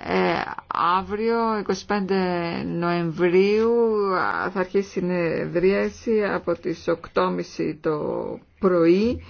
Ε, αύριο 25 Νοεμβρίου θα αρχίσει η συνεδρίαση από τις 8.30 το πρωί